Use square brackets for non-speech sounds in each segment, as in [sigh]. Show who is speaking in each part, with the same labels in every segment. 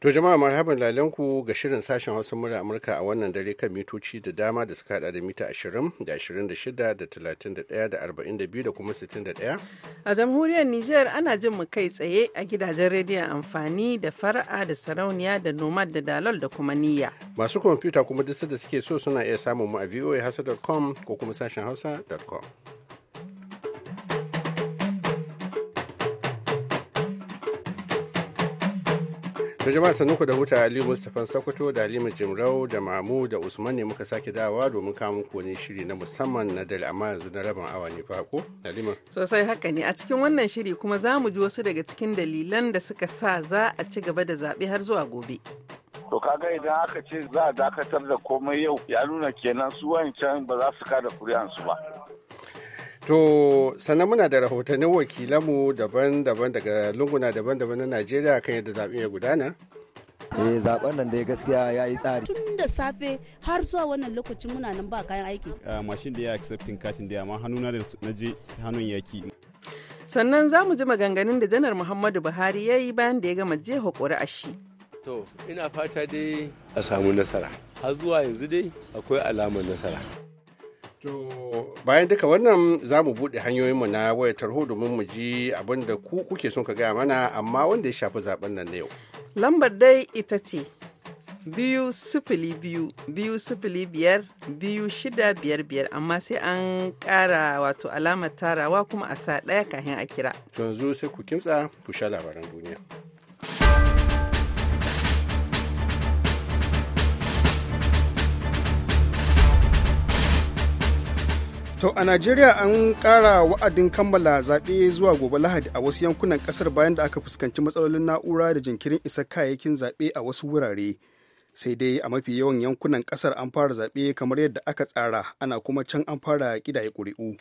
Speaker 1: To jama'a marhaban lalanku ga shirin sashen Hausa murar Amurka a wannan dare kan mitoci da dama da suka hada da mita 20 da 26 da 31 da 42 da kuma 61.
Speaker 2: A jamhuriyar Nijar ana jin mu kai tsaye a gidajen rediyon amfani da fara'a da sarauniya da nomad da dalol da kuma niyya.
Speaker 1: Masu kwamfuta kuma duk da suke so suna iya samun mu a voahausa.com ko kuma sashen hausa.com. To jama'a sanuku da huta Ali Mustapha sakwato da Halima Jimrau da Mamu da Usman ne muka sake dawa domin kawo muku wani shiri na musamman na dare amma yanzu na rabin awa ne fako Halima.
Speaker 2: Sosai haka ne a cikin wannan shiri kuma za mu ji wasu daga cikin dalilan da suka sa za a ci gaba da zaɓe
Speaker 1: har zuwa gobe.
Speaker 3: to ga idan aka ce za a dakatar da komai yau ya nuna kenan su wancan ba za su kada kuri'ansu ba
Speaker 1: To sannan muna da rahotannin wakilanmu daban-daban daga lunguna daban-daban na Najeriya kan yadda zaɓen ya gudana.
Speaker 4: eh zaben nan dai gaskiya ya yi tsari tun
Speaker 5: da safe har zuwa wannan lokacin muna nan ba kayan aiki
Speaker 4: mashin da ya accepting kashin da amma hannuna da na je hannun yaki
Speaker 2: sannan za mu ji maganganun da janar muhammadu buhari ya yi bayan da ya gama jeho ƙuri'ashi
Speaker 6: to ina fata dai a samu nasara har zuwa yanzu dai akwai alamar
Speaker 1: nasara
Speaker 6: To
Speaker 1: bayan duka wannan za mu buɗe hanyoyinmu na waya tarho domin mu ji abin da ku kuke son ka gaya mana amma wanda ya shafi zaben nan na yau.
Speaker 2: Lambar dai ita ce biyu sifili biyu biyu sifili biyar biyu shida biyar biyar amma sai an ƙara wato alamar tarawa kuma a sa ɗaya kahin a kira.
Speaker 1: Yanzu sai ku kimtsa ku sha labaran duniya.
Speaker 4: To a Najeriya an ƙara wa'adin kammala zaɓe zuwa gobe Lahadi a wasu yankunan ƙasar bayan da aka fuskanci matsalolin na'ura da jinkirin isa kayayyakin zaɓe a wasu wurare. Sai dai a mafi yawan yankunan ƙasar an fara zaɓe kamar yadda aka tsara ana kuma can an fara ƙidaye ƙuri'u.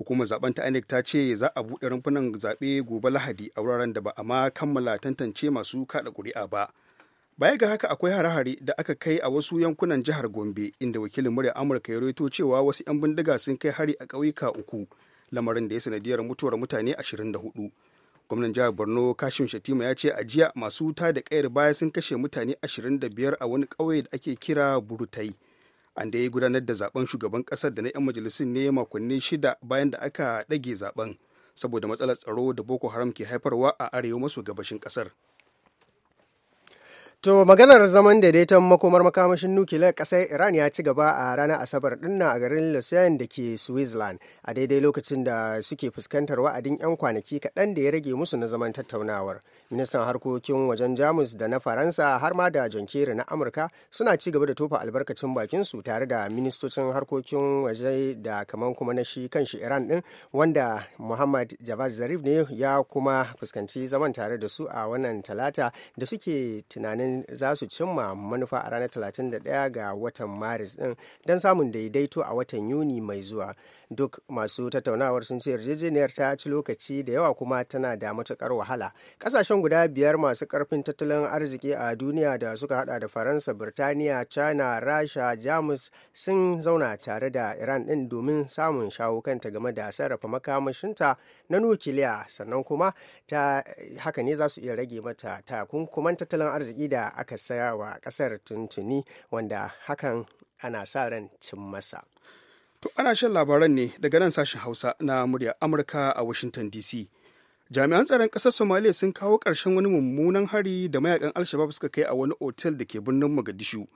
Speaker 4: Hukumar zaben ta INEC ta ce za a buɗe rumfunan zaɓe gobe Lahadi a wuraren da ba a kammala tantance masu kaɗa ƙuri'a ba. baya ga haka akwai hare-hare da aka kai a wasu yankunan jihar gombe inda wakilin murya amurka ya rawaito cewa wasu 'yan bindiga sun kai hari a ƙauyuka uku lamarin da ya sanadiyar mutuwar mutane 24 gwamnan jihar borno kashim shatima ya ce a jiya masu wuta da kayar baya sun kashe mutane 25 a wani ƙauye da ake kira burutai an da ya gudanar da zaben shugaban ƙasar da na 'yan majalisun ne makonni shida bayan da aka ɗage zaben saboda matsalar tsaro da boko haram ke haifarwa a arewa maso gabashin ƙasar
Speaker 7: To maganar zaman daidaiton makomar makamashin nukiliyar ƙasar Iran ya ci gaba a ranar Asabar dinna a garin Lausanne da ke Switzerland a daidai lokacin da suke fuskantar wa'adin 'yan kwanaki kaɗan da ya rage musu na zaman tattaunawar. Ministan harkokin wajen Jamus da na Faransa har ma da John Kerry na Amurka suna ci gaba da tofa albarkacin bakin su tare da ministocin harkokin waje da kaman kuma na shi kanshi Iran din wanda Muhammad Javad Zarif ne ya kuma fuskanci zaman tare da su a wannan talata da suke tunanin za su cimma manufa a ranar 31 ga watan maris din don samun daidaito a watan yuni mai zuwa duk masu tattaunawar sun ce yarjejeniyar ta ci lokaci da yawa kuma tana da matukar wahala kasashen guda biyar masu karfin tattalin arziki a duniya da suka hada da faransa birtaniya china rasha jamus sun zauna tare da iran din domin samun shawo kanta game da sarrafa makamashinta na nukiliya sannan kuma ta haka ne za su iya rage mata takunkuman tattalin arziki da aka saya wa kasar tuntuni wanda hakan ana sa ran cin masa. To ana
Speaker 4: shan labaran ne daga nan sashen Hausa na murya Amurka a Washington DC. Jami'an tsaron ƙasar Somalia sun kawo ƙarshen wani mummunan hari da mayakan Alshabab suka kai a wani otel da ke birnin Mogadishu.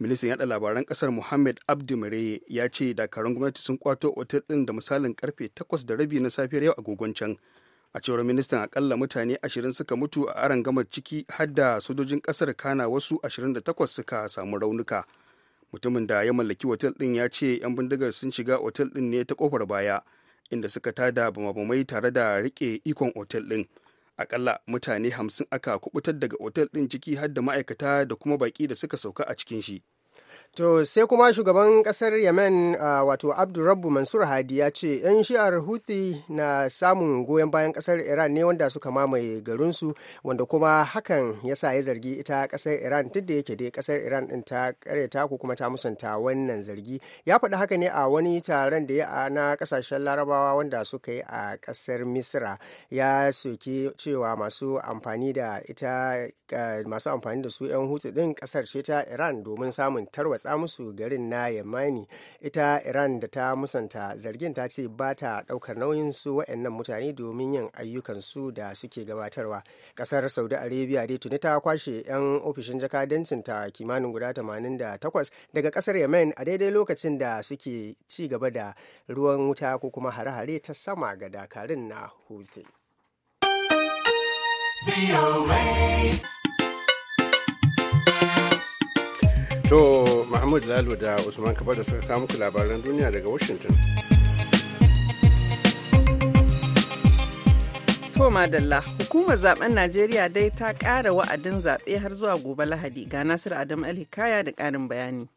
Speaker 4: Ministan yaɗa labaran ƙasar mohammed Abdi Mire ya ce dakarun gwamnati sun kwato otel ɗin da misalin karfe takwas rabi na safiyar yau agogon can. a cewar ministan akalla mutane 20 suka mutu a aron gamar ciki hadda sojojin ƙasar kana wasu 28 suka samu raunuka mutumin da ya mallaki otel din ya ce 'yan bindigar sun shiga otel din ne ta kofar baya inda suka tada bamabamai tare da rike ikon otel din akalla mutane hamsin aka kubutar daga otel din ciki har da ma'aikata da kuma baƙi da suka sauka a cikin shi
Speaker 7: To sai kuma shugaban kasar Yemen wato abdurrabu Mansur Hadi ya ce 'yan shi'ar Houthi na samun goyon bayan kasar Iran ne wanda suka mamaye garinsu wanda kuma hakan ya sa ya zargi ita kasar Iran duk da yake dai kasar Iran din ta karyata ko kuma ta musanta wannan zargi. Ya faɗi haka ne a wani taron da ya na kasashen Larabawa wanda suka yi a kasar Misra ya soki cewa masu amfani da ita masu amfani da su 'yan Houthi din kasar ce ta Iran domin samun tarwatsa musu garin na yamani ita iran da ta musanta zargin ta ce ba ta ɗaukar nauyin su wa'annan mutane domin yin ayyukansu da suke gabatarwa ƙasar saudi arabia dai tuni ta kwashe 'yan ofishin jakadancin ta kimanin guda 88 daga kasar yamani a daidai lokacin da suke ci gaba da ruwan wuta ko kuma hare-hare ta sama ga dakarun na houthi
Speaker 1: To Mahmud lalu da Usman Kabar da suka kawo muku labaran duniya daga Washington.
Speaker 2: To Madalla, hukumar zaben Najeriya dai ta ƙara wa'adin zaɓe
Speaker 8: har zuwa gobe Lahadi ga Nasiru Adam Alhikaya da ƙarin bayani.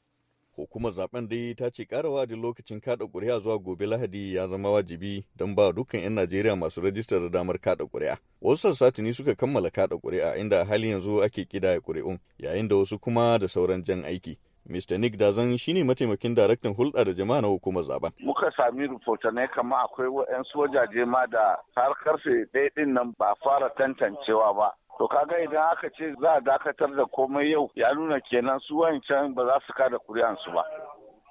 Speaker 8: hukumar zaben dai ta ce kara da lokacin kada kuri'a zuwa gobe lahadi ya zama wajibi don ba dukkan 'yan najeriya masu rajistar da damar kada kuri'a wasu sassa tuni suka kammala kada kuri'a inda a halin yanzu ake kidaya kuri'un yayin da wasu kuma da sauran jan aiki Mr. Nick Dazan shine mataimakin daraktan hulɗa da jama'a na hukumar zaben.
Speaker 3: Muka sami rahotanai kama akwai 'yan wajaje ma da har karfe ɗaya ɗin nan ba fara tantancewa ba. to kaga idan aka ce za a dakatar da komai yau ya nuna kenan su wancan ba za su kada kuri'an su ba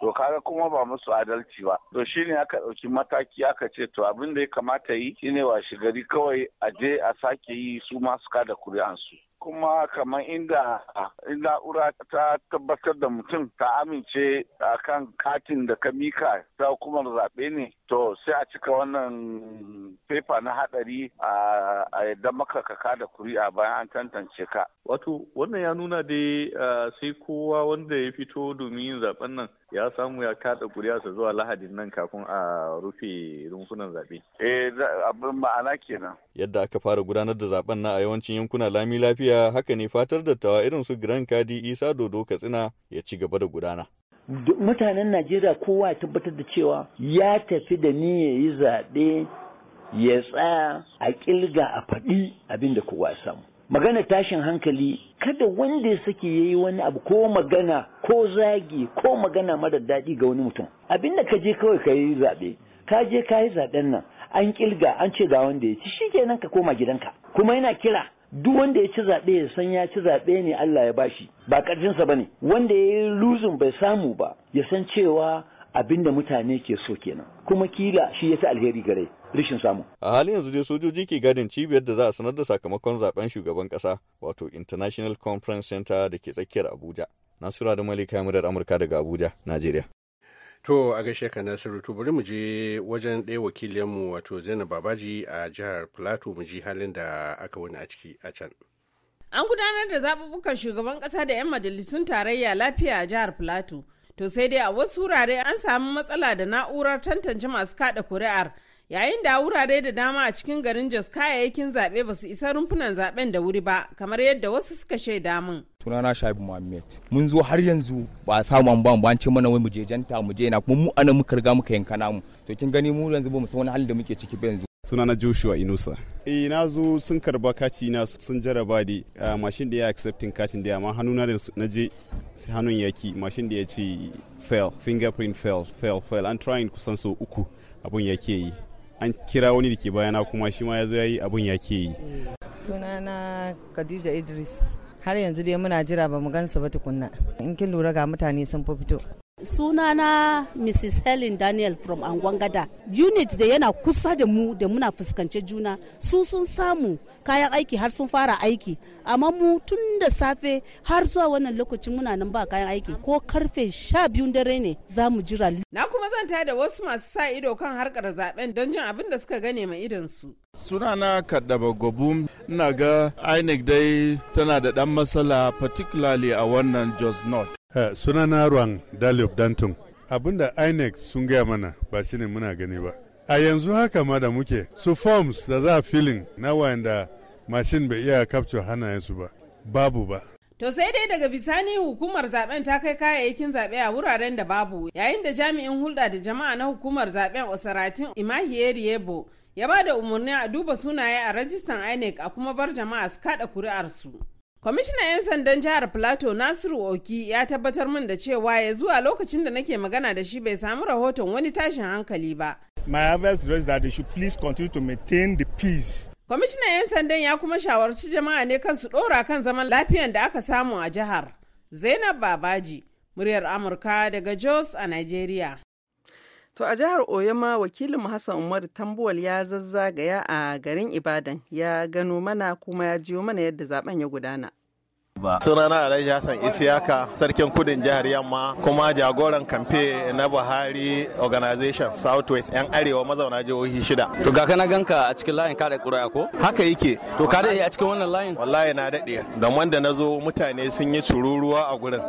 Speaker 3: to kaga kuma ba musu adalci ba to shine aka ɗauki mataki aka ce to abin da ya kamata yi shine wa shigari kawai a je a sake yi su ma su kada su kuma kamar inda na'ura ta tabbatar da mutum ta amince a kan katin da ka mika ta hukumar zaɓe ne to sai a cika wannan fefa na hadari a yadda maka kaka da kuri'a bayan an tantance ka
Speaker 8: wato wannan ya nuna dai sai kowa wanda ya fito domin yin zaben nan ya samu ya kada kuri'arsa zuwa lahadin nan kafin a rufe rumfunan zaɓe. eh abin ma'ana kenan yadda aka fara gudanar da zaben na a yawancin yankuna lami lafiya haka ne fatar dattawa irin su giran kadi isa dodo katsina ya ci gaba da gudana
Speaker 3: mutanen najeriya kowa ya tabbatar da cewa ya tafi da ni ya yi zaɓe ya tsaya a ƙirga a faɗi abin da kowa samu magana tashin hankali kada wanda ya sake ya yi wani abu ko magana ko zagi ko magana mara daɗi ga wani mutum abin da ka je kawai ka yi zaɓe ka je ka yi zaɓen nan an ƙirga an ce ga wanda ya ci shi kenan ka koma gidanka kuma yana kira duk wanda ya ci zaɓe ya san ya ci zaɓe ne Allah ya bashi ba ƙarfinsa ba ne wanda ya yi bai samu ba ya san cewa abin da mutane ke so kenan kuma kila shi ya fi alheri gare rishin samu.
Speaker 8: A halin yanzu dai sojoji ke gadin cibiyar da za a sanar da sakamakon zaben shugaban ƙasa wato International Conference Center da ke tsakiyar Abuja. Nasura da Malika Murar Amurka daga Abuja, Najeriya. To a gaishe ka Nasiru to bari mu je wajen ɗaya wakilinmu wato Zainab Babaji
Speaker 1: a jihar Plateau mu ji halin da aka wani a ciki a can.
Speaker 5: An gudanar da zaɓuɓɓukan shugaban ƙasa da 'yan majalisun tarayya lafiya a jihar Plateau. To sai dai a wasu wurare an samu matsala da na'urar tantance masu kaɗa kuri'ar yayin da wurare da dama a cikin garin jos kayayyakin zaɓe ba su isa rumfunan zaɓen da wuri ba kamar yadda wasu suka shaida min
Speaker 4: sunana shabi muhammed mun zo har yanzu ba a samu an ba an ce mana wai mu je janta mu je na kuma mu anan muka riga muka yanka namu to kin gani mu yanzu ba mu san wani halin da muke ciki ba yanzu sunana joshua inusa e na zo sun karba kaci na sun jaraba de mashin da ya accepting kacin da amma hannuna da na je sai hannun yaki mashin da ya ce fail fingerprint fail fail fail an trying kusan so uku abun yake yi an kira wani da ke bayana kuma shi ma ya zo ya yi abun ya ke yi.
Speaker 5: sunana khadija idris har yanzu dai muna jira ba mu gansa ba tukunna in kin lura ga mutane sun fi fito Sunana Mrs. Helen Daniel from Angwangada. Unit da yana kusa da mu da muna fuskance juna su sun samu kayan aiki har sun fara aiki amma mu tun da safe har zuwa wannan lokacin muna nan ba kayan aiki ko karfe sha biyu dare ne za mu jira. Na kuma zan da wasu masu sa ido kan harkar zaben don jin abin da suka gane ma idansu su.
Speaker 4: Sunana kaddaba Gobum ina ga INEC dai tana da dan matsala particularly a wannan Jos North.
Speaker 6: Eh, suna na ruwan Dalib Danton. abinda INEC sun gaya mana ba shine muna gani ba. A yanzu haka ma da muke, su forms da za a filin na wayanda mashin bai iya capture hannayensu ba, babu ba.
Speaker 5: To sai dai daga bisani hukumar zaben ta kai kayayyakin zaɓe a wuraren da babu yayin da jami'in hulɗa da jama'a na hukumar zaben Osaratin Imahiyeri Yebo ya ba da umarni a duba sunaye a rajistan INEC a kuma bar jama'a su kaɗa kuri'arsu. Kwamishinan 'yan sandan jihar plato Nasiru Oki ya tabbatar min da cewa ya zuwa lokacin da nake magana da shi bai samu rahoton wani tashin hankali ba.
Speaker 4: My advice is that they should please continue to maintain
Speaker 7: the peace.
Speaker 5: Kwamishinan 'yan sandan ya kuma shawarci jama'a ne kan su ɗora kan zaman lafiyan da aka samu a jihar. Zainab Babaji, muryar Amurka daga Jos a Nigeria. To a jihar Oyama wakilin Hassan Umar Tambuwal ya zazzagaya
Speaker 2: a garin Ibadan ya gano mana kuma ya jiyo mana yadda zaben ya gudana.
Speaker 4: ba. Sunana Alhaji Hassan Isiyaka, sarkin kudin jihar Yamma, kuma jagoran kamfe na Buhari Organization Southwest 'yan arewa mazauna jihohi shida. To ga kana ganka a cikin layin kada ƙuri'a ko? Haka yake. To ka daɗe a cikin wannan layin? Wallahi na daɗe. Don wanda na zo mutane sun yi cururuwa a gurin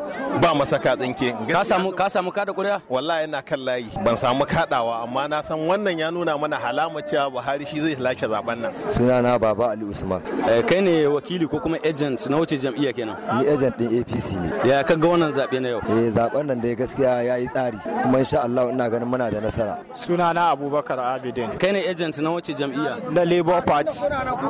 Speaker 4: ba masaka tsinke. Ka samu ka samu kada ƙuri'a? Wallahi na kan layi. Ban samu kaɗawa amma na san wannan ya nuna mana halama cewa Buhari shi zai lashe zaben nan. Sunana Baba Ali Usman. Eh, kai ne wakili ko kuma agent na wuce jam'iyyar kenan
Speaker 6: ni agent din APC ne ya kaga wannan zabe na yau eh zaben nan dai gaskiya ya yi tsari kuma insha Allah ina ganin muna da nasara
Speaker 9: suna
Speaker 4: na Abubakar Abidin kai ne agent na wace jam'iyya na Labour Party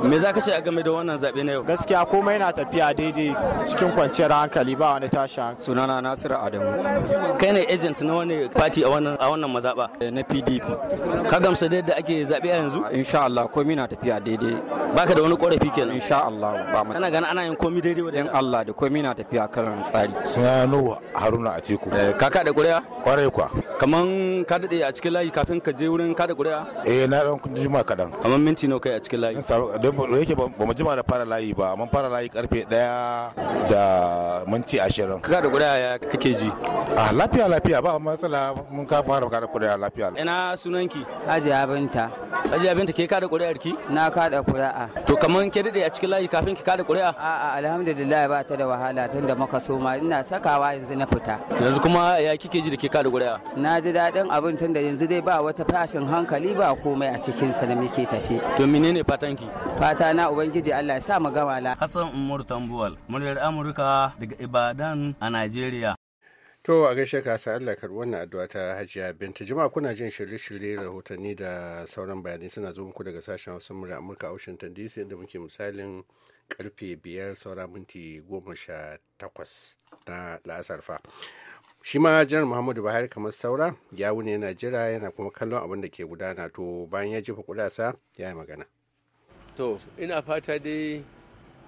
Speaker 4: me za ka ce a game da wannan zabe na yau gaskiya komai na tafiya daidai cikin kwanciyar hankali ba wani tashi suna na Nasiru Adamu kai ne agent na wani party a wannan a wannan mazaba eh, na PDP ka gamsu da yadda ake zabe a yanzu insha Allah komai na tafiya daidai baka da wani korafi kenan insha Allah ba masana kana ganin ana yin komai daidai wa Allah da komai na tafiya kan tsari. Suna Nuhu Haruna Atiku. Eh, ka kaɗa ƙuri'a? Ƙwarai kuwa. Kaman ka daɗe a cikin layi kafin ka je wurin kaɗa ƙuri'a?
Speaker 3: Eh na ɗan jima kaɗan. Kaman minti nawa kai a cikin layi? Don yake ba mu jima da fara layi ba amma fara layi karfe ɗaya da minti ashirin. Ka kaɗa ƙuri'a ya kake ji? Ah lafiya lafiya ba matsala mun ka fara kaɗa ƙuri'a lafiya.
Speaker 5: Ina sunanki? Hajiya Binta. Hajiya Binta ke kaɗa ƙuri'ar ki? Na kaɗa ƙuri'a. To kaman ke daɗe a cikin layi kafin ki kaɗa ƙuri'a? A'a alhamdulillah ba ta da wahala tun da muka soma ina sakawa yanzu na fita
Speaker 9: yanzu kuma ya kike ji da ke kada gurewa
Speaker 5: na ji daɗin abin tun da yanzu dai ba wata fashin hankali ba komai a cikin sa na muke tafi to menene fatanki fata na ubangiji Allah ya sa mu gama la Hassan Umar Tambuwal muryar
Speaker 4: Amurka daga Ibadan a Najeriya
Speaker 1: To a gaishe ka sa Allah karɓi wannan addu'a ta Hajiya Binta Jama'a kuna jin shirye-shirye rahotanni da sauran bayanai suna zo muku daga sashen wasu murya Amurka a Washington DC inda muke misalin karfe biyar saura minti goma sha takwas na la'asar shi ma janar muhammadu buhari kamar saura ya wuni yana jira yana kuma kallon abin da ke gudana to bayan ya jefa kudasa ya yi magana
Speaker 6: to ina fata dai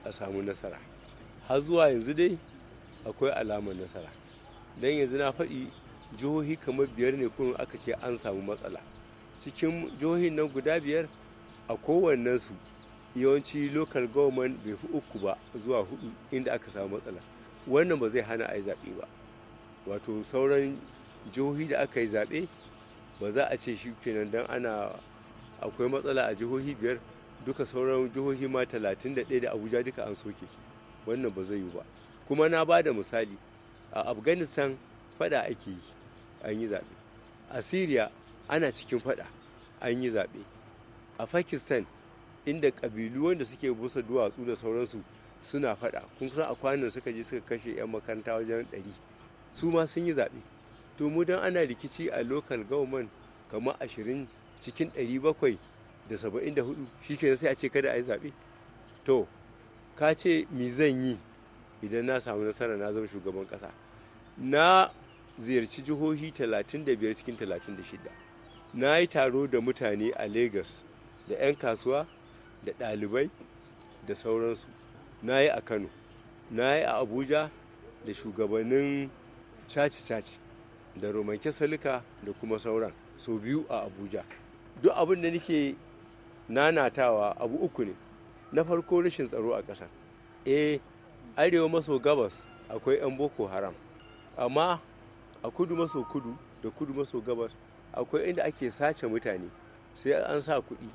Speaker 6: a samu nasara har zuwa yanzu dai akwai alamar nasara don yanzu na faɗi jihohi kamar biyar ne kun aka ce an samu matsala cikin jihohin nan guda biyar a kowannensu su yawanci local government bai fi uku ba zuwa hudu inda aka samu matsala wannan ba zai hana a yi zaɓe ba wato sauran jihohi da aka yi zaɓe ba za a ce shi kenan don ana akwai matsala a jihohi biyar duka sauran jihohi ma talatin da ɗaya da abuja duka an soke wannan ba zai yi ba kuma na ba da misali a afghanistan fada ake yi an yi zaɓe a syria ana cikin fada an yi zaɓe a pakistan inda ƙabilu wanda suke busa duwatsu da sauransu suna faɗa kun san a kwanan suka je suka kashe 'yan makaranta wajen ɗari su ma sun yi zaɓe to mu don ana rikici a local government kamar ashirin cikin ɗari bakwai da saba'in da hudu shi ke sai a ce kada a yi zaɓe to ka ce mi zan yi idan na samu nasara na zama shugaban ƙasa na ziyarci jihohi 35 cikin 36 na yi taro da mutane a lagos da 'yan kasuwa da ɗalibai da sauransu na yi a kano na yi a abuja da shugabannin caci-caci da roman kesalika da kuma sauran sau biyu a abuja duk abin da nake nanatawa abu uku ne na farko rashin tsaro a ƙasa eh arewa maso gabas akwai 'yan boko haram amma a kudu maso kudu da kudu maso gabas akwai inda ake sace mutane sai an sa kuɗi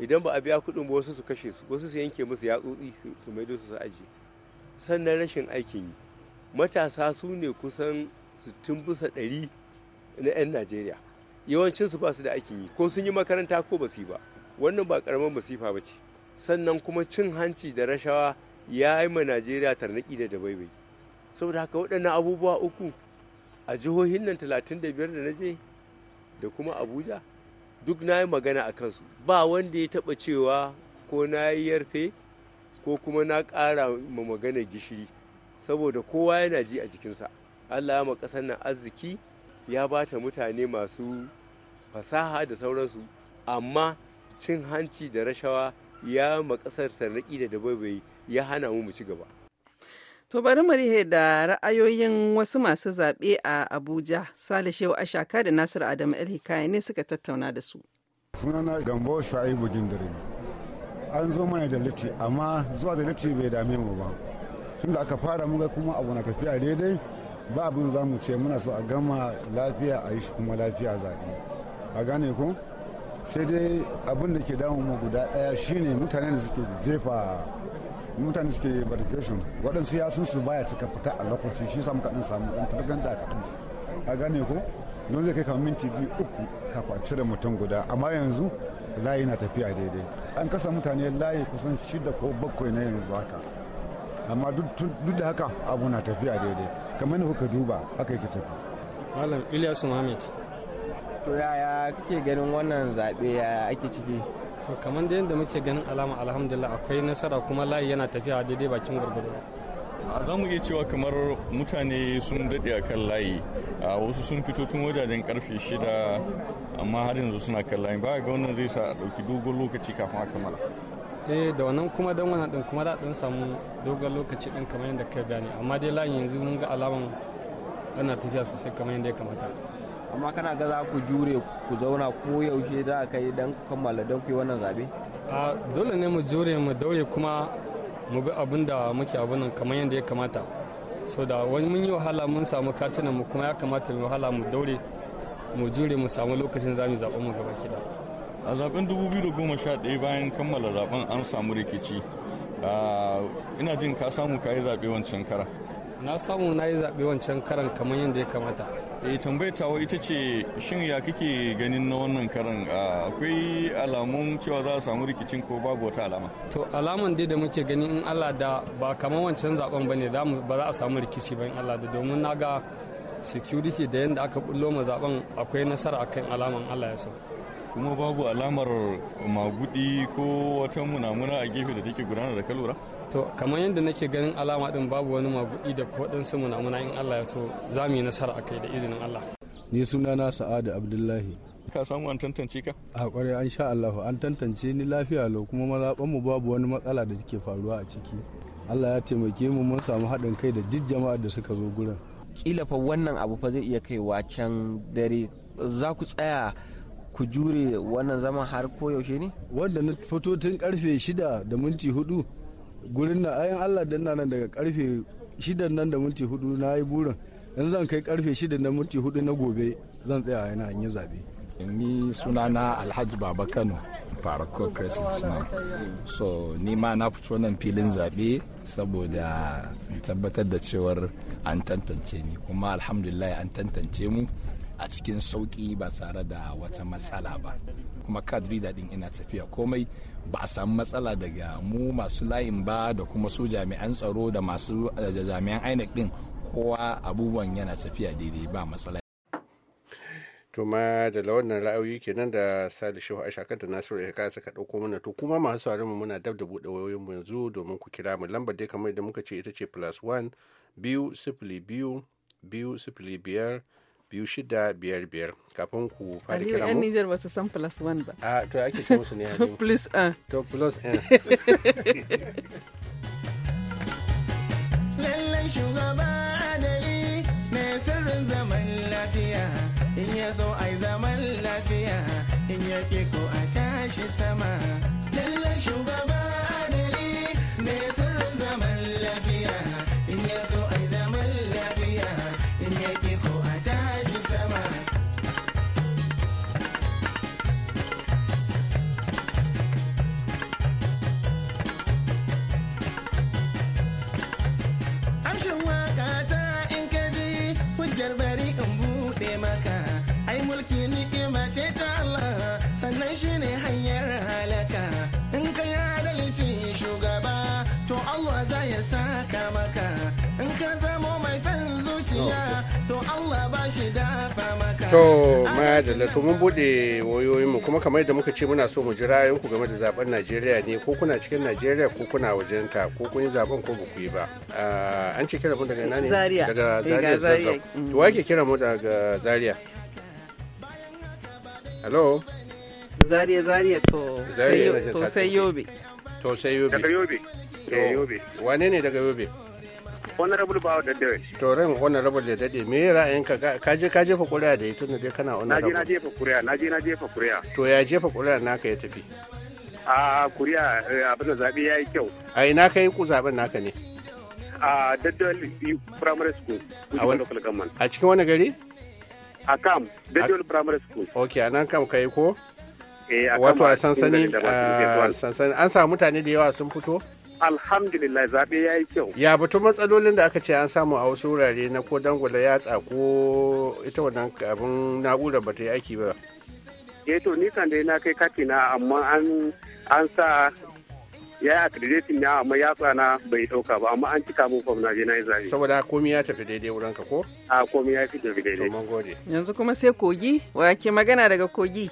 Speaker 6: idan ba a biya kuɗin ba wasu su kashe su wasu su yanke musu yatsotsi su maido su su aji. sannan rashin aikin yi matasa su ne kusan 60 bisa ɗari na 'yan najeriya yawancinsu ba su da aikin yi ko sun yi makaranta ko ba yi ba wannan ba karamar masifa ba ce sannan kuma cin hanci da rashawa ya yi ma najeriya tarnaki da dabaibai saboda haka waɗannan abubuwa uku a jihohin nan 35 da na je da kuma abuja duk na yi magana a kansu ba wanda ya taɓa cewa ko na yi yarfe ko kuma na ƙara ma magana gishiri saboda kowa yana ji a jikinsa allah ya ma ƙasar nan arziki ya ba ta mutane masu fasaha da sauransu amma cin hanci da rashawa ya ma ƙasar sarnaƙi da dabaibayi ya hana mu ci gaba
Speaker 2: To bari mu rihe da ra'ayoyin wasu masu zaɓe a Abuja, Sale Shehu Ashaka da Nasiru Adamu El ne suka tattauna da su.
Speaker 3: Sunana Gambo Shu'aibu Gindiri. An zo mana da liti, amma zuwa da liti bai dame mu ba. Tun aka fara muga kuma abu na tafiya daidai, ba abin za mu ce muna so a gama lafiya a yi shi kuma lafiya zaɓe. A gane ko? Sai dai abin da ke damu mu guda ɗaya shine mutanen da suke jefa mutane suke verification waɗansu ya sun su baya cika fita a lokaci shi samu kaɗan samu ɗan talagan da kaɗan a gane ko don zai kai kamar minti biyu uku kafa a cire mutum guda amma yanzu layi na tafiya daidai an kasa mutane layi kusan shida ko bakwai na yanzu haka amma duk da haka abu na tafiya daidai kamar ne kuka duba haka yake tafi
Speaker 9: malam ilyasu muhammad to yaya kake ganin wannan zaɓe ya ake ciki to kamar da yadda muke ganin alama alhamdulillah akwai nasara kuma layi yana tafiya daidai bakin gurguru
Speaker 8: za mu iya cewa kamar mutane sun daɗe a kan layi wasu sun fito tun wajajen karfe shida amma har yanzu suna kan layi ba ga wannan zai sa a ɗauki dogon lokaci kafin a kamala
Speaker 9: eh da wannan kuma dan wannan ɗin kuma da dan samu dogon lokaci ɗin kamar yadda ka gane amma dai layin yanzu mun ga alaman ana tafiya sosai kamar yadda ya kamata amma
Speaker 4: kana ga za ku jure ku zauna ko yaushe za ka yi don kammala don ku yi wannan zabe
Speaker 9: a dole ne mu jure mu daure kuma mu bi abin da muke abin kamar yadda ya kamata so da wani mun yi wahala mun samu katunan mu kuma ya kamata mu wahala mu daure
Speaker 8: mu jure mu samu lokacin za mu zaɓa mu gaba kida a zaben 2011 bayan kammala zaben an samu rikici ina jin ka samu kayi zaɓe wancan kara na samu na yi zaɓe wancan karan kamar yadda ya kamata eh tambayatawa ita ce shin ya kike ganin na wannan karan ah, akwai alamun cewa za a samu rikicin ko babu wata alama to
Speaker 9: alaman dai da muke gani in Allah da ba kamar wancan zaben bane ba za a samu rikici ba in Allah da domin na ga security da yadda aka bullo ma zaben akwai nasara akan alaman Allah ya so
Speaker 8: kuma babu alamar magudi ko wata munamuna a gefe da take gudana da kalura
Speaker 9: to kamar yadda nake ganin alama din babu wani magudi da muna munamuna in Allah ya so za mu yi nasara akai da izinin Allah
Speaker 6: ni sunana sa'adu abdullahi
Speaker 8: ka samu an tantance ka
Speaker 6: a kwarai an sha Allah an tantance ni lafiya lau kuma mazaɓan mu babu wani matsala da ke faruwa a ciki Allah ya taimake mu mun samu haɗin kai da duk jama'ar da suka zo gurin kila fa wannan abu fa zai iya kaiwa can dare
Speaker 4: za ku tsaya ku jure wannan zama har koyaushe ne wanda na fito
Speaker 6: tun karfe shida da minti hudu gurin na ayin allah da nan daga karfe shidan nan da minti hudu na yi burin in zan kai karfe shidan na minti hudu na gobe zan tsaya yana yi zabe ni sunana alhaji baba kano farko crescent nan so ni ma na fito nan filin zaɓe saboda tabbatar da cewar an tantance ni kuma alhamdulillah an tantance mu a cikin sauki ba tare da wata matsala ba kuma kadri daɗin ina tafiya komai ba a samu matsala daga mu masu layin ba da kuma su jami'an tsaro da masu eh, jami'an INEC din kowa abubuwan yana tafiya daidai ba matsala.
Speaker 1: tuma da wannan ra'ayoyi kenan da sali shehu aisha kan da nasiru ya kasa ka ɗauko mana to kuma masu sauran mu muna dab da buɗe wayoyin mu yanzu domin ku kira mu lambar dai kamar da muka ce ita ce plus one biyu sifili biyu biyu sifili biyar biyu shida biyar biyar kafin ku fari kira mu. Aliyu Nijar
Speaker 2: ba su san plus one ba. Ah, to ake ce musu ne Aliyu. [laughs] Plus one. To plus one. [laughs]
Speaker 7: Lallai shugaba adali mai sirrin zaman lafiya in ya so ai zaman lafiya in ya ke ko a tashi sama. Lallai shugaba saka maka in ka zamo mai son zuciya to Allah ba shi dafa maka to
Speaker 1: madalla to mun bude wayoyin mu kuma kamar yadda muka ce muna so mu ji ku game da zaben Najeriya ne ko kuna cikin Najeriya ko kuna wajen ta ko kun yi zaben ko ba ku yi ba ah, an ce kira mu daga ina ne daga Zaria Zaria to wake kira mu daga Zaria hello
Speaker 2: Zaria Zaria to
Speaker 1: sai yobe to sai yobe Eh, yobe wane ne daga yobe
Speaker 3: honorable bawa da dare
Speaker 1: to ran honorable da dade me ra'ayinka ka je ka jefa kuri'a da ita dai kana honorable na je
Speaker 3: na jefa kuri'a na je na jefa kuri'a
Speaker 1: to ya jefa kuri'a naka ya tafi
Speaker 3: a kuri'a eh, abin da ya yi kyau
Speaker 1: a ina kai ku zaben naka ne
Speaker 3: a daddal e primary school
Speaker 1: a cikin wani gari
Speaker 3: a kam daddal
Speaker 1: e primary school ok a nan kam ka yi ko
Speaker 4: Eh, wato a sansani
Speaker 1: sansani an samu mutane da yawa sun fito
Speaker 4: alhamdulillah zaɓe ya yi kyau
Speaker 1: ya batun matsalolin da aka ce an samu a wasu wurare na ko dangwala ya tsako ita wannan abin na'urar ba ta yi aiki ba
Speaker 3: ya eh, to ni kan na kai na amma an an sa ya yi accrediting na amma ya tsana bai dauka ba amma an cika mun fam na je na yi zabe
Speaker 1: saboda komai ya tafi daidai wurin ka ko
Speaker 3: a komai ya tafi daidai to mun gode
Speaker 1: yanzu kuma sai kogi
Speaker 2: wa ke magana daga kogi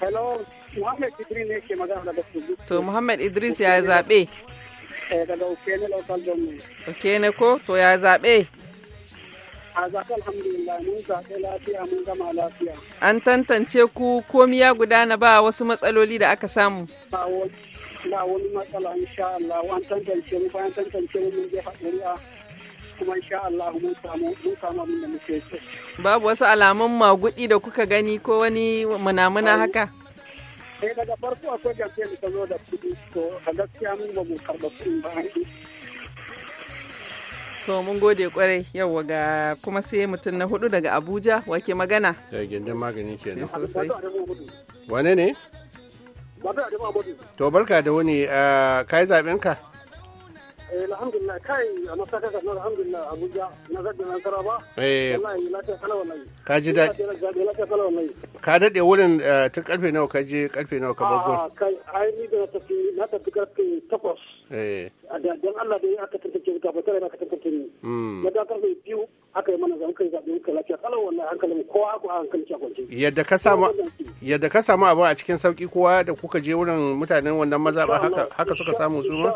Speaker 4: Hello, Muhammad Idris ne ke magana daga Kudu.
Speaker 2: To, Muhammad Idris ya zaɓe?
Speaker 3: Eh, daga Ukene Local Government.
Speaker 2: Ukene ko? To ya zaɓe?
Speaker 3: A zaɓe alhamdulillah mun zaɓe lafiya mun gama lafiya.
Speaker 2: An tantance ku komi ya gudana ba wasu matsaloli da aka samu?
Speaker 4: Ba wani matsala insha Allah, an tantance mu bayan tantance mu mun je haɗari a kuma insha Allah mun samu mun samu abin da muke so
Speaker 2: babu wasu alamun magudi da kuka gani ko wani munamuna haka
Speaker 3: eh daga farko akwai gaske da zo da kudi to a gaskiya mun ba mu karɓa kudi ba
Speaker 2: To mun gode kwarai yau ga kuma sai mutum na hudu daga Abuja wake magana. Ya
Speaker 1: gindin magani kenan. Eh, sosai. Wane ne? To barka da wani ah, ka yi ka?
Speaker 3: Eh alhamdulillah a masaka ka na alhamdulillah Abuja na zaje na Taraba. Eh.
Speaker 1: wurin eh, tun karfe nawa ka je karfe nawa ka babbo.
Speaker 3: Ah da tafi na tafi eh. Allah da aka tantance ka aka yi mana zan kai zaɓe ka lafiya kalau wallahi hankalin kowa ko hankalin shi kwance
Speaker 1: yadda ka samu yadda ka samu abu a cikin sauki kowa da kuka je wurin mutanen wannan maza ba haka haka suka samu su ma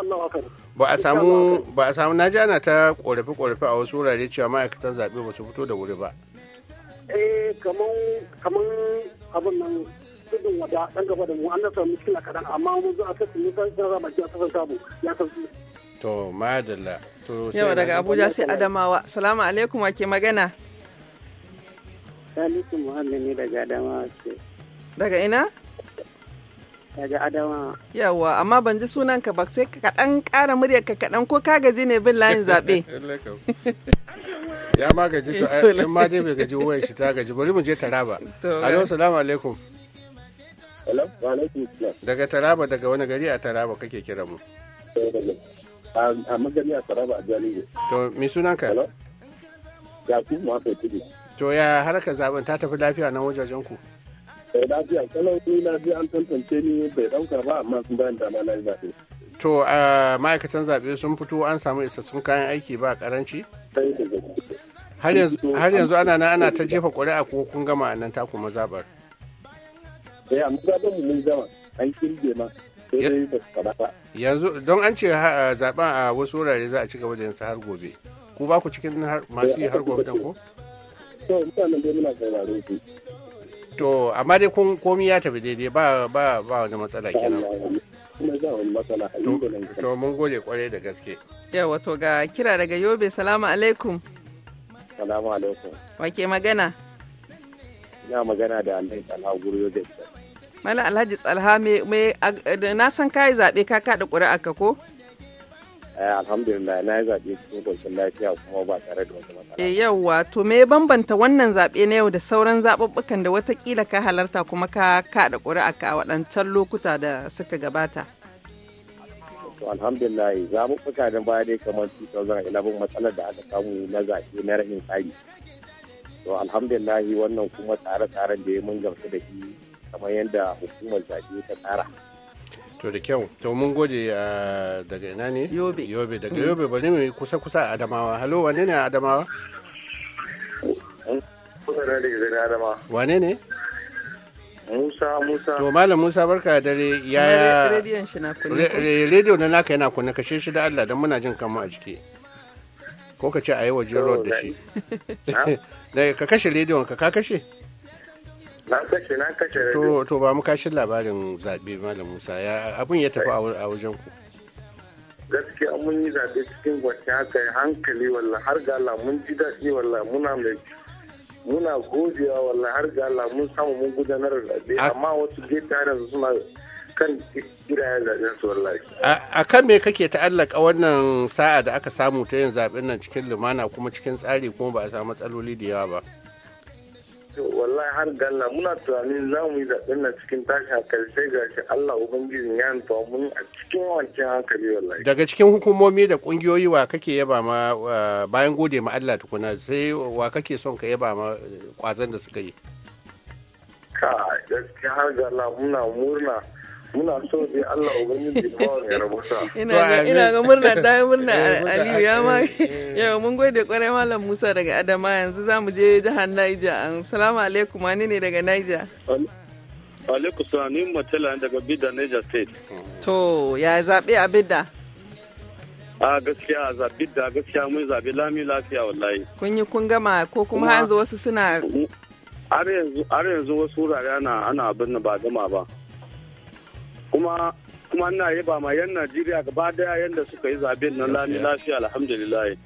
Speaker 1: ba a samu ba a samu naji ana ta korafi korafi a wasu wurare cewa ma'aikatan zaɓe ba su fito da wuri ba
Speaker 3: eh kaman kaman abin nan tudun wada dan gaba da mu an nasa muskila kaɗan amma mun zo a kasance mun san zaba ji a kasan samu ya san
Speaker 1: to madalla to yawa daga abuja
Speaker 2: sai adamawa salamu alaikum wa ke magana
Speaker 5: salisu muhammed ne daga adamawa ce daga ina daga adamawa
Speaker 2: yawa amma ban ji sunanka ba sai ka kaɗan ƙara muryarka kaɗan ko ka gaji ne bin layin zaɓe
Speaker 1: [laughs] [laughs] ya ma gaji to in ma dai bai gaji wayar shi ta gaji bari mu je taraba alo eh. salamu alaikum daga taraba daga wani gari a taraba kake kira mu
Speaker 3: eh, a magani a taraba a jami'a to me sunan ka ya ku ma kai kudi
Speaker 1: to ya harka zaben ta tafi lafiya nan wajajen ku
Speaker 3: eh lafiya kalau ni lafiya an tantance ni bai dauka ba amma sun bayan dama na zabe
Speaker 1: to ma'aikatan zaɓe sun fito an samu isassun kayan aiki ba karanci?
Speaker 3: har yanzu ana nan ana ta jefa
Speaker 1: ƙuri'a ko kun gama a nan taku mazaɓar.
Speaker 3: Eh, amma zaɓen mun gama an kirge ma.
Speaker 1: yanzu don an ce zaben a wasu wurare za a ci gaba da yansa har gobe ku ba ku cikin masu yi har gobe ɗan ko? to amma dai kun komi ya tafi daidai ba ba ba wani matsala kenan to mun gode kwarai da gaske
Speaker 2: yawa to ga kira daga yobe salamu alaikum
Speaker 3: salamu alaikum
Speaker 2: wake magana
Speaker 3: ina magana da alhaji alhaji guru yobe
Speaker 2: Mala Alhaji Tsalha na san kayi zaɓe ka kaɗa ƙuri'a ka ko?
Speaker 3: Eh, alhamdulillah na yi zaɓe cikin ƙoshin lafiya kuma ba tare da wata matsala.
Speaker 2: Eh, Yawwa, to me ya bambanta wannan zaɓe na yau da sauran zaɓuɓɓukan da watakila ka halarta kuma ka kaɗa ƙuri'a ka a waɗancan lokuta da suka gabata.
Speaker 3: To alhamdulillah zaɓuɓɓuka da baya dai kamar 2011 matsalar da aka samu na zaɓe na rahin tsari. To alhamdulillah wannan kuma tsare-tsaren da ya mun gamsu da shi kamar yadda hukumar zaɓe ta tsara
Speaker 1: to da kyau to mun gode ah, daga ina ne yobe yobe daga mm. yobe bari mu kusa kusa a adamawa halo wane ne a adamawa wane ne
Speaker 3: Musa Musa to
Speaker 1: malam Musa barka da dare yaya rediyon shi na kunne rediyo na naka yana kunne kashe shi da Allah dan muna jin kanmu a jiki ko ka ce a yi wajen road da shi [laughs] ka kashe rediyon ka ka kashe
Speaker 3: na kashe na kashe
Speaker 1: to ba mu kashin labarin zaɓe malam musa ya abun ya tafi a wajen ku
Speaker 3: gaskiya mun yi zaɓe cikin gwace haka hankali wala har ga Allah mun ji daɗi wala muna mai muna godewa wallah har ga Allah mun samu mun gudanar da zaɓe amma wasu gefe yanzu suna kan ya zaɓen su shi.
Speaker 1: A kan me kake ta'allaka wannan sa'a da aka samu ta yin zaɓen nan cikin lumana kuma cikin tsari kuma ba a samu matsaloli da yawa ba?
Speaker 3: wallahi har galla muna tunanin za mu yi zaɓen na cikin tashin hankali sai ga shi Allah ubangiji ya nufa mun a cikin wancan hankali wallahi.
Speaker 1: Daga cikin hukumomi da kungiyoyi wa kake yaba ma bayan gode ma Allah tukuna sai wa kake son ka yaba ma kwazan eh, da suka yi.
Speaker 3: Ka gaskiya har galla muna murna. muna so dai Allah ubangiji ba wani ya rabuta ina ga murna ta yi murna [laughs] eh, Aliyu ya ma eh. yau
Speaker 2: mun gode kwarai malam Musa daga Adama yanzu za mu je jihar Naija. assalamu alaikum wani ne daga Naija.
Speaker 3: alaikum salam ni matala daga Bida Niger state
Speaker 2: to ya zabe a Bida
Speaker 3: a gaskiya a zabi da gaskiya mun zabi lami lafiya wallahi
Speaker 2: kun yi kun gama ko kuma yanzu wasu suna
Speaker 3: har yanzu wasu wurare ana abin ba gama ba kuma kuma ina yaba ma yan Najeriya gaba daya yanda suka yi zaben nan lami lafiya alhamdulillah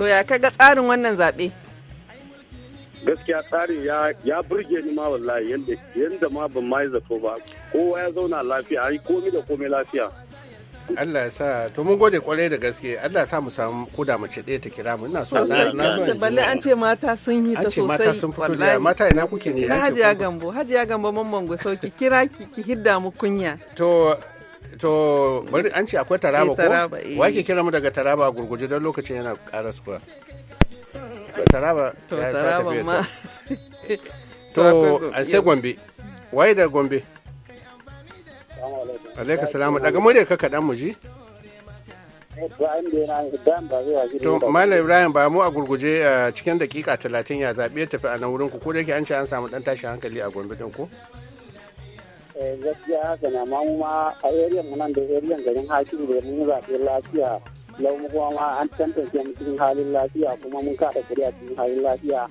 Speaker 3: to
Speaker 2: ya ga tsarin wannan zabe
Speaker 3: gaskiya tsarin ya ya burge ni ma wallahi yanda yanda ma ban ma zato ba kowa ya zauna lafiya ai komai da komai lafiya
Speaker 1: Allah ya sa to mun gode kwarai da gaske Allah ya sa mu samu koda mace ɗaya ta kira mu ina so na na so balle an ce
Speaker 2: mata sun yi ta sosai mata sun fito da mata ina kuke ne Hajiya Gambo Hajiya Gambo mamman go sauki kira ki ki hidda mu kunya
Speaker 1: to to bari an ce akwai Taraba ko eh, eh. wake kira mu daga Taraba gurguje don lokacin yana ƙara su Taraba to Taraba ma
Speaker 9: [laughs] to a sai Gombe
Speaker 1: waye da Gombe
Speaker 9: Alaika salama daga
Speaker 1: murya ka kaɗan mu ji? To Mala Ibrahim ba mu a gurguje eh, cikin dakika talatin ya zaɓe tafi a nan wurin ku ko da yake an ce an samu ɗan tashin hankali a Gombe ɗin ko?
Speaker 3: Eh, gaskiya haka na ma mu ma a eriyan mu nan da eriyan garin Hashiru da mun zaɓe lafiya lauma ma an tantance mu cikin halin lafiya kuma mun kada kuri'a cikin halin lafiya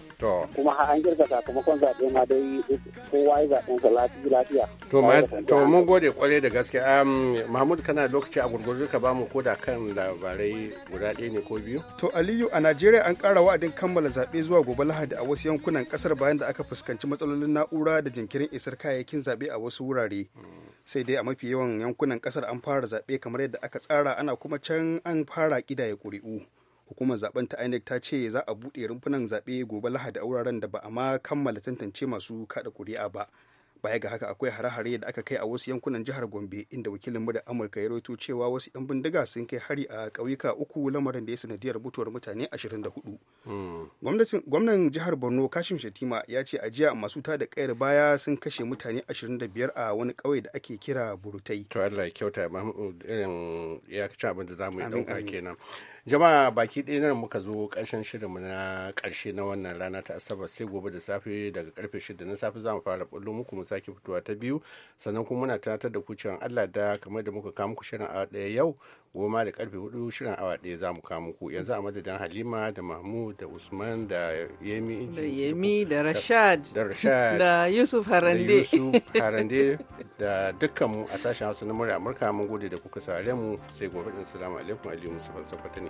Speaker 3: kuma ha an girka sakamakon zaɓe ma dai kowa ya zaɓen sa lafiya lafiya to mun
Speaker 1: gode kwarai da gaske mahmud kana lokaci a gurgurzu ka bamu ko da kan labarai guda ɗaya ne ko biyu
Speaker 4: to aliyu a najeriya an ƙara wa'adin kammala zaɓe zuwa gobe lahadi a wasu yankunan ƙasar bayan da aka fuskanci matsalolin na'ura da jinkirin isar kayayyakin zaɓe a wasu wurare hmm. sai dai a mafi yawan yankunan kasar an fara zaɓe kamar yadda aka tsara ana kuma can an fara ƙidaya ƙuri'u hukumar zaɓen ta inec ta ce za a buɗe rumfunan zaɓe gobe lahadi a wuraren da ba a ma kammala tantance masu kaɗa ƙuri'a ba baya ga haka akwai hare-hare da aka kai a wasu yankunan jihar gombe inda wakilin mu da amurka ya rawaito cewa wasu 'yan bindiga sun kai hari a ƙauyuka uku lamarin da ya sanadiyar mutuwar mutane 24 hmm. gwamnan jihar borno kashim shatima ya ce a jiya masu tada kayar baya sun kashe mutane 25 a wani ƙauye da ake kira burutai to allah ya kyauta
Speaker 1: irin ya abin da za mu yi ɗauka kenan jama'a baki ɗaya nan muka zo ƙarshen shirinmu na ƙarshe na wannan rana ta asabar sai gobe da safe daga karfe shida na safe za mu fara ɓullo muku mu sake fitowa ta biyu sannan kuma muna tunatar da ku cewa allah da kamar da muka kawo muku shirin a ɗaya yau goma da karfe hudu shirin awa ɗaya za mu kawo ku yanzu a madadin halima da mahmud da usman da yemi da yemi da rashad da rashad da
Speaker 3: yusuf harande da yusuf
Speaker 1: [laughs] harande da dukkan mu a sashen hausa na murya amurka mun gode da kuka saurare mu sai gobe din salamu alaikum alaikum musu ban sakwata ne